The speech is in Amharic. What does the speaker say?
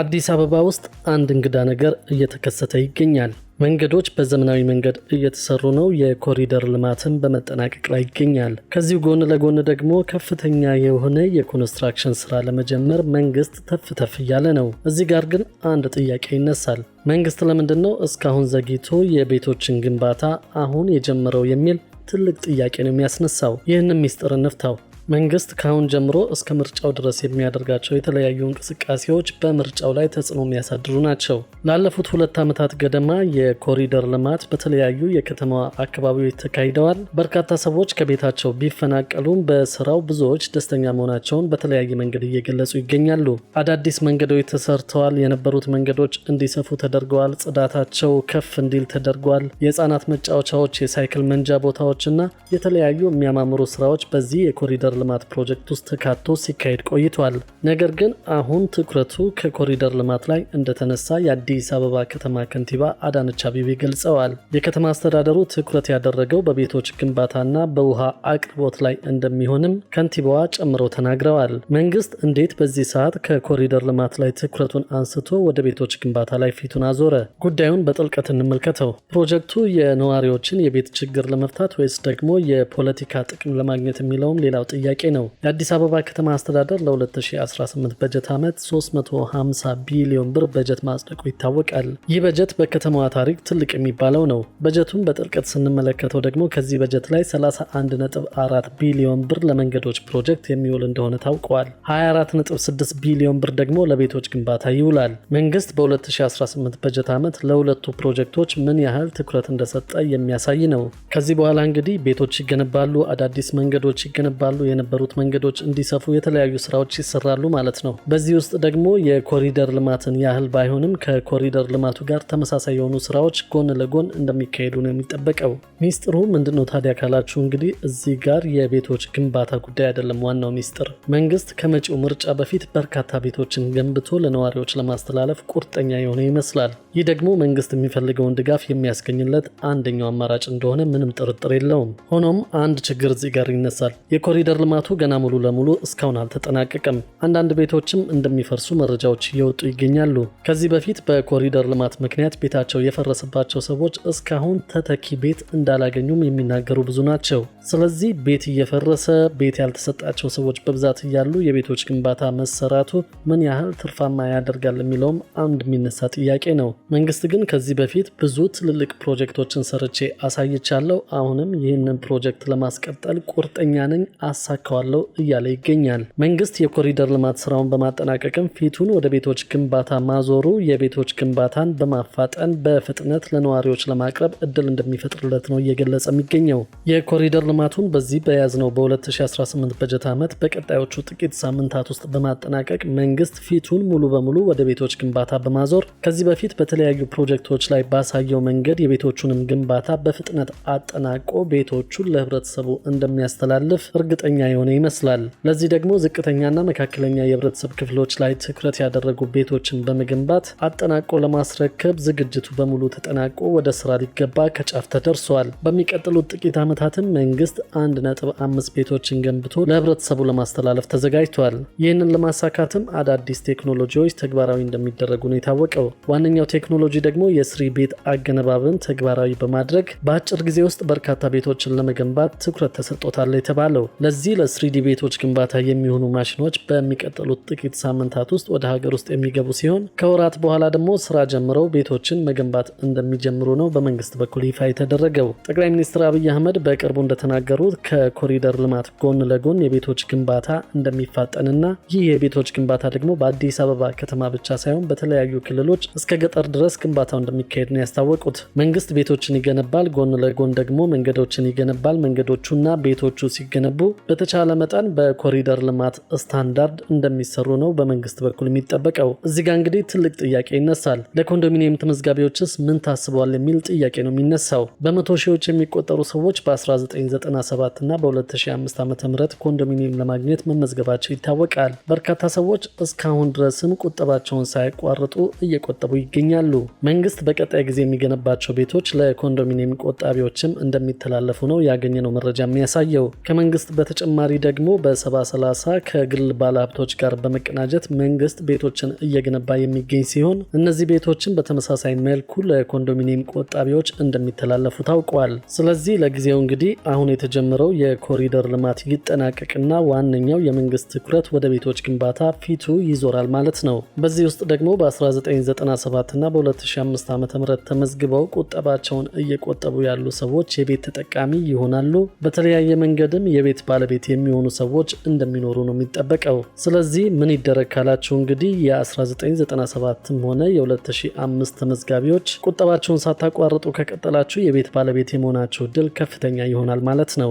አዲስ አበባ ውስጥ አንድ እንግዳ ነገር እየተከሰተ ይገኛል። መንገዶች በዘመናዊ መንገድ እየተሰሩ ነው። የኮሪደር ልማትም በመጠናቀቅ ላይ ይገኛል። ከዚሁ ጎን ለጎን ደግሞ ከፍተኛ የሆነ የኮንስትራክሽን ስራ ለመጀመር መንግስት ተፍ ተፍ እያለ ነው። እዚህ ጋር ግን አንድ ጥያቄ ይነሳል። መንግስት ለምንድን ነው እስካሁን ዘግይቶ የቤቶችን ግንባታ አሁን የጀመረው የሚል ትልቅ ጥያቄ ነው የሚያስነሳው። ይህንም ሚስጥር እንፍታው። መንግስት ከአሁን ጀምሮ እስከ ምርጫው ድረስ የሚያደርጋቸው የተለያዩ እንቅስቃሴዎች በምርጫው ላይ ተጽዕኖ የሚያሳድሩ ናቸው። ላለፉት ሁለት ዓመታት ገደማ የኮሪደር ልማት በተለያዩ የከተማ አካባቢዎች ተካሂደዋል። በርካታ ሰዎች ከቤታቸው ቢፈናቀሉም በስራው ብዙዎች ደስተኛ መሆናቸውን በተለያየ መንገድ እየገለጹ ይገኛሉ። አዳዲስ መንገዶች ተሰርተዋል። የነበሩት መንገዶች እንዲሰፉ ተደርገዋል። ጽዳታቸው ከፍ እንዲል ተደርጓል። የህፃናት መጫወቻዎች፣ የሳይክል መንጃ ቦታዎች እና የተለያዩ የሚያማምሩ ስራዎች በዚህ የኮሪደር የኮሪደር ልማት ፕሮጀክት ውስጥ ተካቶ ሲካሄድ ቆይቷል። ነገር ግን አሁን ትኩረቱ ከኮሪደር ልማት ላይ እንደተነሳ የአዲስ አበባ ከተማ ከንቲባ አዳነች አቤቤ ገልጸዋል። የከተማ አስተዳደሩ ትኩረት ያደረገው በቤቶች ግንባታና በውሃ አቅርቦት ላይ እንደሚሆንም ከንቲባዋ ጨምረው ተናግረዋል። መንግስት እንዴት በዚህ ሰዓት ከኮሪደር ልማት ላይ ትኩረቱን አንስቶ ወደ ቤቶች ግንባታ ላይ ፊቱን አዞረ? ጉዳዩን በጥልቀት እንመልከተው። ፕሮጀክቱ የነዋሪዎችን የቤት ችግር ለመፍታት ወይስ ደግሞ የፖለቲካ ጥቅም ለማግኘት የሚለውም ሌላው ጥያቄ ጥያቄ ነው። የአዲስ አበባ ከተማ አስተዳደር ለ2018 በጀት ዓመት 350 ቢሊዮን ብር በጀት ማጽደቁ ይታወቃል። ይህ በጀት በከተማዋ ታሪክ ትልቅ የሚባለው ነው። በጀቱን በጥልቀት ስንመለከተው ደግሞ ከዚህ በጀት ላይ 31.4 ቢሊዮን ብር ለመንገዶች ፕሮጀክት የሚውል እንደሆነ ታውቋል። 24.6 ቢሊዮን ብር ደግሞ ለቤቶች ግንባታ ይውላል። መንግስት በ2018 በጀት ዓመት ለሁለቱ ፕሮጀክቶች ምን ያህል ትኩረት እንደሰጠ የሚያሳይ ነው። ከዚህ በኋላ እንግዲህ ቤቶች ይገነባሉ፣ አዳዲስ መንገዶች ይገነባሉ የነበሩት መንገዶች እንዲሰፉ የተለያዩ ስራዎች ይሰራሉ ማለት ነው። በዚህ ውስጥ ደግሞ የኮሪደር ልማትን ያህል ባይሆንም ከኮሪደር ልማቱ ጋር ተመሳሳይ የሆኑ ስራዎች ጎን ለጎን እንደሚካሄዱ ነው የሚጠበቀው። ሚስጥሩ ምንድነው ታዲያ ካላችሁ እንግዲህ እዚህ ጋር የቤቶች ግንባታ ጉዳይ አይደለም። ዋናው ሚስጥር መንግስት ከመጪው ምርጫ በፊት በርካታ ቤቶችን ገንብቶ ለነዋሪዎች ለማስተላለፍ ቁርጠኛ የሆነ ይመስላል። ይህ ደግሞ መንግስት የሚፈልገውን ድጋፍ የሚያስገኝለት አንደኛው አማራጭ እንደሆነ ምንም ጥርጥር የለውም። ሆኖም አንድ ችግር እዚህ ጋር ይነሳል። የኮሪደር ልማቱ ገና ሙሉ ለሙሉ እስካሁን አልተጠናቀቀም። አንዳንድ ቤቶችም እንደሚፈርሱ መረጃዎች እየወጡ ይገኛሉ። ከዚህ በፊት በኮሪደር ልማት ምክንያት ቤታቸው የፈረሰባቸው ሰዎች እስካሁን ተተኪ ቤት እንዳላገኙም የሚናገሩ ብዙ ናቸው። ስለዚህ ቤት እየፈረሰ ቤት ያልተሰጣቸው ሰዎች በብዛት እያሉ የቤቶች ግንባታ መሰራቱ ምን ያህል ትርፋማ ያደርጋል የሚለውም አንድ የሚነሳ ጥያቄ ነው። መንግስት ግን ከዚህ በፊት ብዙ ትልልቅ ፕሮጀክቶችን ሰርቼ አሳይቻለሁ። አሁንም ይህንን ፕሮጀክት ለማስቀጠል ቁርጠኛ ነኝ፣ አሳካዋለሁ እያለ ይገኛል። መንግስት የኮሪደር ልማት ስራውን በማጠናቀቅም ፊቱን ወደ ቤቶች ግንባታ ማዞሩ የቤቶች ግንባታን በማፋጠን በፍጥነት ለነዋሪዎች ለማቅረብ እድል እንደሚፈጥርለት ነው እየገለጸ የሚገኘው። የኮሪደር ልማቱን በዚህ በያዝነው በ2018 በጀት ዓመት በቀጣዮቹ ጥቂት ሳምንታት ውስጥ በማጠናቀቅ መንግስት ፊቱን ሙሉ በሙሉ ወደ ቤቶች ግንባታ በማዞር ከዚህ በፊት በተለ በተለያዩ ፕሮጀክቶች ላይ ባሳየው መንገድ የቤቶቹንም ግንባታ በፍጥነት አጠናቆ ቤቶቹን ለህብረተሰቡ እንደሚያስተላልፍ እርግጠኛ የሆነ ይመስላል። ለዚህ ደግሞ ዝቅተኛና መካከለኛ የህብረተሰብ ክፍሎች ላይ ትኩረት ያደረጉ ቤቶችን በመገንባት አጠናቆ ለማስረከብ ዝግጅቱ በሙሉ ተጠናቆ ወደ ስራ ሊገባ ከጫፍ ተደርሷል። በሚቀጥሉት ጥቂት ዓመታትም መንግስት 1.5 ቤቶችን ገንብቶ ለህብረተሰቡ ለማስተላለፍ ተዘጋጅቷል። ይህንን ለማሳካትም አዳዲስ ቴክኖሎጂዎች ተግባራዊ እንደሚደረጉ ነው የታወቀው። ዋነኛው ቴክኖ ቴክኖሎጂ ደግሞ የስሪ ቤት አገነባብን ተግባራዊ በማድረግ በአጭር ጊዜ ውስጥ በርካታ ቤቶችን ለመገንባት ትኩረት ተሰጥቶታል የተባለው ለዚህ ለስሪዲ ቤቶች ግንባታ የሚሆኑ ማሽኖች በሚቀጥሉት ጥቂት ሳምንታት ውስጥ ወደ ሀገር ውስጥ የሚገቡ ሲሆን ከወራት በኋላ ደግሞ ስራ ጀምረው ቤቶችን መገንባት እንደሚጀምሩ ነው በመንግስት በኩል ይፋ የተደረገው። ጠቅላይ ሚኒስትር አብይ አህመድ በቅርቡ እንደተናገሩት ከኮሪደር ልማት ጎን ለጎን የቤቶች ግንባታ እንደሚፋጠንና ይህ የቤቶች ግንባታ ደግሞ በአዲስ አበባ ከተማ ብቻ ሳይሆን በተለያዩ ክልሎች እስከ ገጠር ድረስ ግንባታው እንደሚካሄድ ነው ያስታወቁት። መንግስት ቤቶችን ይገነባል፣ ጎን ለጎን ደግሞ መንገዶችን ይገነባል። መንገዶቹና ቤቶቹ ሲገነቡ በተቻለ መጠን በኮሪደር ልማት ስታንዳርድ እንደሚሰሩ ነው በመንግስት በኩል የሚጠበቀው። እዚህ ጋ እንግዲህ ትልቅ ጥያቄ ይነሳል። ለኮንዶሚኒየም ተመዝጋቢዎችስ ምን ታስበዋል የሚል ጥያቄ ነው የሚነሳው። በመቶ ሺዎች የሚቆጠሩ ሰዎች በ1997 እና በ2005 ዓ ም ኮንዶሚኒየም ለማግኘት መመዝገባቸው ይታወቃል። በርካታ ሰዎች እስካሁን ድረስም ቁጠባቸውን ሳያቋርጡ እየቆጠቡ ይገኛል። ያሉ። መንግስት በቀጣይ ጊዜ የሚገነባቸው ቤቶች ለኮንዶሚኒየም ቆጣቢዎችም እንደሚተላለፉ ነው ያገኘነው መረጃ የሚያሳየው። ከመንግስት በተጨማሪ ደግሞ በ 70 ከግል ባለሀብቶች ጋር በመቀናጀት መንግስት ቤቶችን እየገነባ የሚገኝ ሲሆን እነዚህ ቤቶችን በተመሳሳይ መልኩ ለኮንዶሚኒየም ቆጣቢዎች እንደሚተላለፉ ታውቋል። ስለዚህ ለጊዜው እንግዲህ አሁን የተጀመረው የኮሪደር ልማት ይጠናቀቅና ዋነኛው የመንግስት ትኩረት ወደ ቤቶች ግንባታ ፊቱ ይዞራል ማለት ነው። በዚህ ውስጥ ደግሞ በ 1997 በ2005 ዓ ም ተመዝግበው ቁጠባቸውን እየቆጠቡ ያሉ ሰዎች የቤት ተጠቃሚ ይሆናሉ። በተለያየ መንገድም የቤት ባለቤት የሚሆኑ ሰዎች እንደሚኖሩ ነው የሚጠበቀው። ስለዚህ ምን ይደረግ ካላችሁ እንግዲህ የ1997ም ሆነ የ2005 ተመዝጋቢዎች ቁጠባቸውን ሳታቋርጡ ከቀጠላችሁ የቤት ባለቤት የመሆናችሁ እድል ከፍተኛ ይሆናል ማለት ነው።